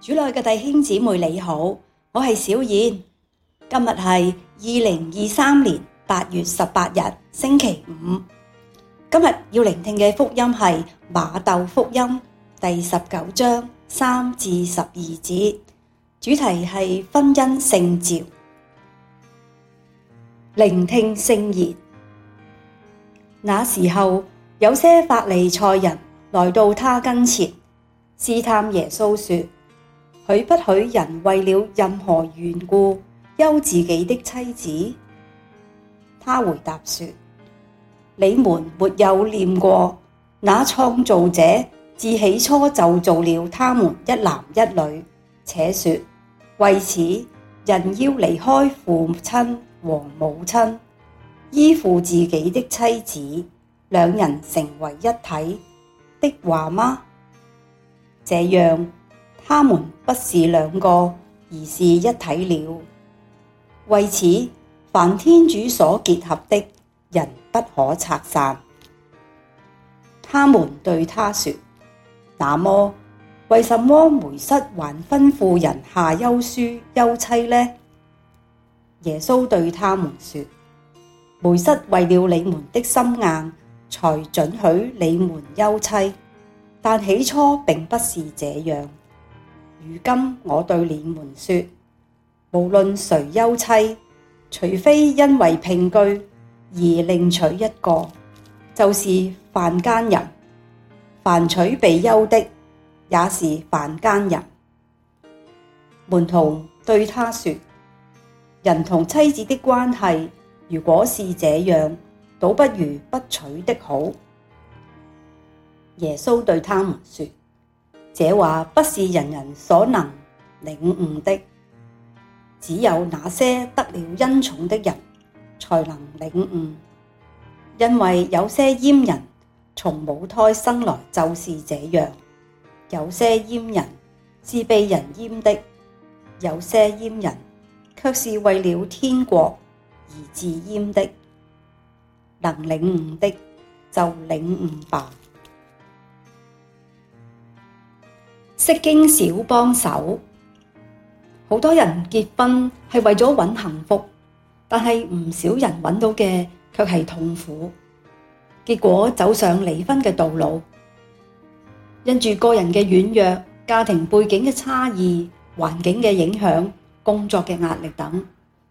主內嘅弟兄姊妹，你好，我係小燕。今日係二零二三年八月十八日，星期五。今日要聆聽嘅福音係馬竇福音第十九章三至十二節，主題係婚姻聖召。聆聽聖言。那時候，有些法利賽人來到他跟前，試探耶穌說：許不許人為了任何緣故，休自己的妻子？他回答說：你們沒有念過，那創造者自起初就造了他們一男一女，且說，為此人要離開父親和母親，依附自己的妻子，兩人成為一體的話嗎？這樣，他們不是兩個，而是一體了。為此，凡天主所結合的，人不可拆散。他們對他說：那麼為什麼梅瑟還吩咐人下休書休妻呢？耶穌對他們說：梅瑟為了你們的心硬，才准許你們休妻，但起初並不是這樣。如今我對你們說，無論誰休妻，除非因為姘居而另娶一個，就是犯奸淫；凡娶被休的，也是犯奸淫。門徒對他說：人同妻子的關係，如果是這樣，倒不如不娶的好。耶穌對他們說。這話不是人人所能領悟的，只有那些得了恩寵的人才能領悟。因為有些閹人從母胎生來就是這樣，有些閹人是被人閹的，有些閹人卻是為了天國而自閹的。能領悟的就領悟吧。釋經小幫手，好多人結婚係為咗搵幸福，但係唔少人搵到嘅卻係痛苦，結果走上離婚嘅道路。因著個人嘅軟弱、家庭背景嘅差異、環境嘅影響、工作嘅壓力等，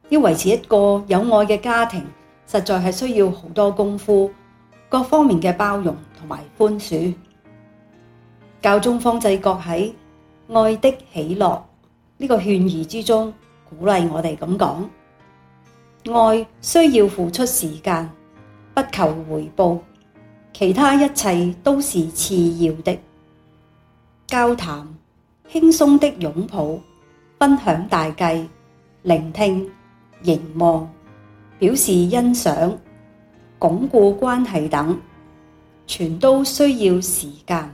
要維持一個有愛嘅家庭，實在係需要好多功夫，各方面嘅包容同埋寬恕。教中方濟各喺《愛的喜樂》這個勸諭之中，鼓勵我哋噉講。愛需要付出時間，不求回報，其他一切都是次要的。交談，輕鬆的擁抱，分享大計，聆聽，凝望，表示欣賞，鞏固關係等，全都需要時間，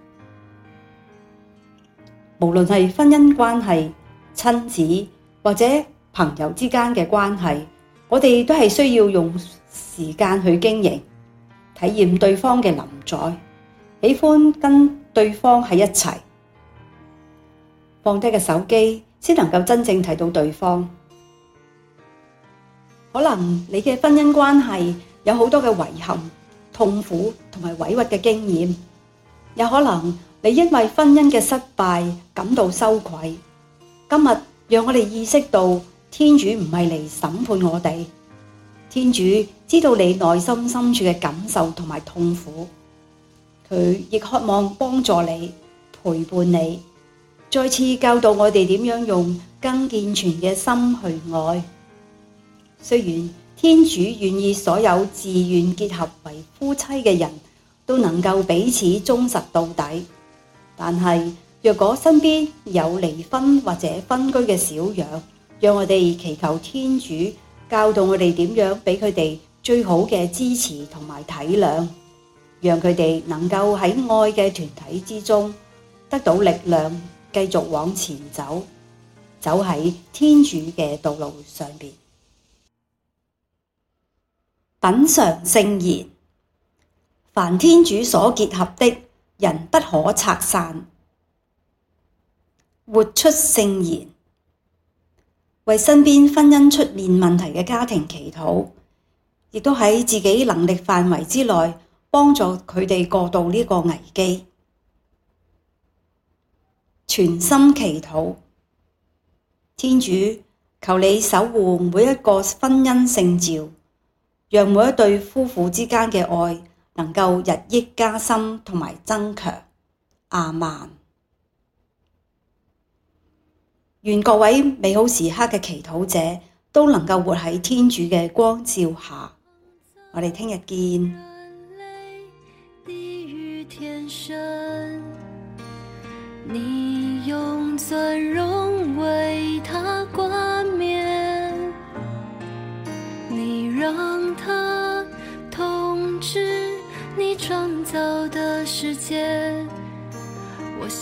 無論係婚姻關係、親子或者朋友之間嘅關係，我哋都係需要用時間去經營，體驗對方嘅臨在，喜歡跟對方喺一齊，放低個手機先能夠真正睇到對方。可能你嘅婚姻關係有好多嘅遺憾、痛苦同埋委屈嘅經驗，有可能。你因為婚姻嘅失敗感到羞愧，今日讓我哋意識到天主唔係嚟審判我哋，天主知道你內心深處嘅感受同埋痛苦，佢亦渴望幫助你陪伴你，再次教導我哋點樣用更健全嘅心去愛。雖然天主願意所有自願結合為夫妻嘅人都能夠彼此忠實到底。但係，若果身邊有離婚或者分居嘅小羊，讓我哋祈求天主教導我哋點樣畀佢哋最好嘅支持同埋體諒，讓佢哋能夠喺愛嘅團體之中得到力量，繼續往前走，走喺天主嘅道路上邊。品嘗聖言，凡天主所結合的。人不可拆散。活出聖言，為身邊婚姻出現問題嘅家庭祈禱，亦都喺自己能力範圍之內幫助佢哋過渡呢個危機，全心祈禱。天主，求你守護每一個婚姻聖召，讓每一對夫婦之間嘅愛，能夠日益加深同埋增強。阿曼，願各位美好時刻嘅祈禱者都能夠活喺天主嘅光照下。我哋聽日見。